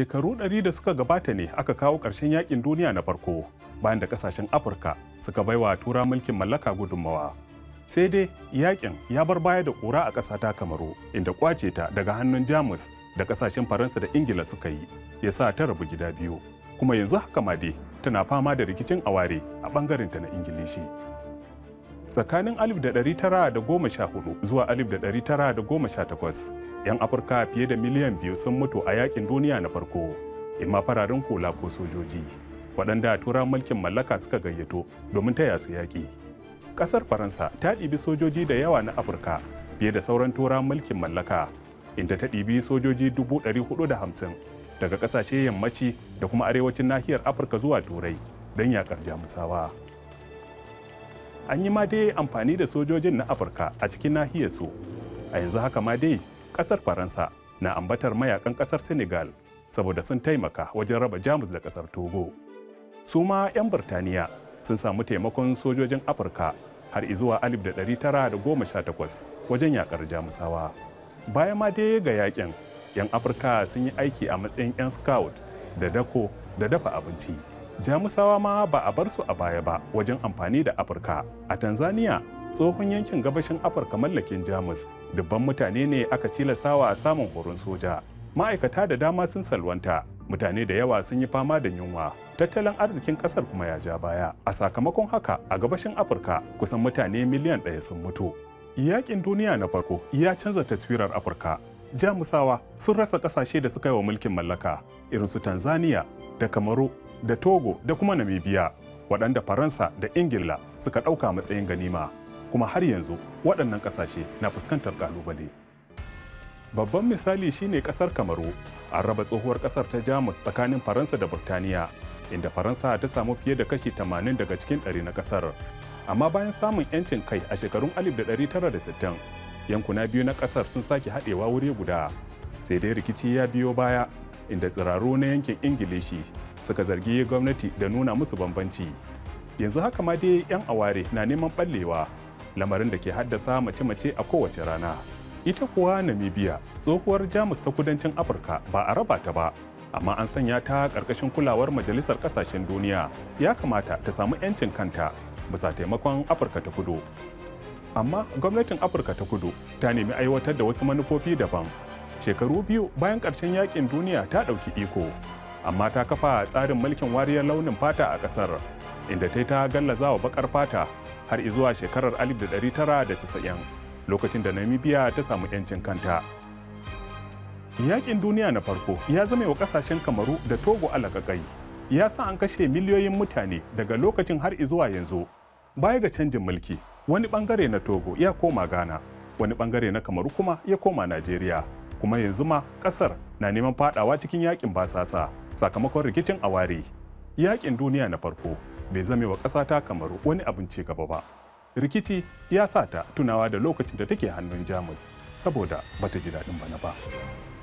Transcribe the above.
shekaru 100 da suka gabata ne aka kawo ƙarshen yakin duniya na farko bayan da ƙasashen afirka suka bai wa tura mulkin mallaka gudunmawa sai dai yakin ya bar baya da ƙura a ƙasa ta kamaru inda ƙwace ta daga hannun jamus da ƙasashen faransa da ingila suka yi ya sa ta rabu gida biyu kuma yanzu haka ma dai tana fama da rikicin aware a ɓangaren ta na ingilishi tsakanin 1914 zuwa 1918 'yan afirka fiye da miliyan biyu sun mutu a yakin duniya na farko ma fararen hula ko sojoji waɗanda tura mulkin mallaka suka gayyato domin taya su yaƙi ƙasar faransa ta ɗibi sojoji da yawa na afirka fiye da sauran tura mulkin mallaka inda ta ɗibi sojoji dubu ɗari da hamsin daga ƙasashe yammaci da kuma arewacin nahiyar afirka zuwa turai don yaƙar jamusawa an yi ma dai amfani da sojojin na afirka a cikin nahiyar su a yanzu haka ma dai kasar faransa na ambatar mayakan kasar senegal saboda sun taimaka wajen raba jamus da kasar togo su ma 'yan birtaniya sun samu taimakon sojojin afirka har izuwa 1918 wajen yakar jamusawa bayan ma dai ga yakin 'yan afirka sun yi aiki a matsayin 'yan scout da dako da dafa abinci jamusawa ma ba a bar su a baya ba wajen amfani da afirka a tanzania tsohon yankin gabashin afirka mallakin jamus dubban mutane ne aka tilasawa a samun horon soja ma'aikata da dama sun salwanta mutane da yawa sun yi fama da yunwa tattalin arzikin kasar kuma ya ja baya a sakamakon haka a gabashin afirka kusan mutane miliyan ɗaya sun mutu yakin duniya na farko ya canza taswirar afirka jamusawa sun rasa ƙasashe da suka yi wa mulkin mallaka irin su tanzania da kamaru da togo da kuma namibia waɗanda faransa da ingila suka ɗauka matsayin ganima kuma har yanzu waɗannan ƙasashe na fuskantar ƙalubale. Babban misali shi ne ƙasar Kamaru, an raba tsohuwar ƙasar ta Jamus tsakanin Faransa da Burtaniya, inda Faransa ta samu fiye da kashi 80 daga cikin ɗari na ƙasar. Amma bayan samun 'yancin kai a shekarun 1960, yankuna biyu na ƙasar sun sake haɗewa wuri guda. Sai dai rikici ya biyo baya, inda tsiraru na yankin Ingilishi suka zargi gwamnati da nuna musu bambanci. Yanzu haka ma dai 'yan aware na neman ɓallewa lamarin da ke haddasa mace-mace a kowace rana. Ita kuwa Namibia tsohuwar Jamus ta kudancin Afirka ba a raba ta ba, amma an sanya ta ƙarƙashin kulawar Majalisar Ƙasashen Duniya ya kamata ta samu 'yancin kanta bisa taimakon Afirka ta kudu. Amma gwamnatin Afirka ta kudu ta nemi aiwatar da wasu manufofi daban. Shekaru biyu bayan ƙarshen yaƙin duniya ta ɗauki iko, amma ta kafa tsarin mulkin wariyar launin fata a ƙasar, inda ta yi ta gallazawa baƙar fata har zuwa shekarar 1990 lokacin da namibia ta samu 'yancin kanta yakin duniya na farko ya zama wa kasashen kamaru da togo alakakai ya sa an kashe miliyoyin mutane daga lokacin har izuwa yanzu baya ga canjin mulki wani bangare na togo ya koma ghana wani bangare na kamaru kuma ya koma najeriya kuma yanzu ma kasar na neman fadawa cikin yakin basasa sakamakon rikicin aware yakin duniya na farko bai zame wa ƙasa ta kamar wani abin ci gaba ba rikici ya sa ta tunawa da lokacin da take hannun jamus saboda bata ji daɗin bana ba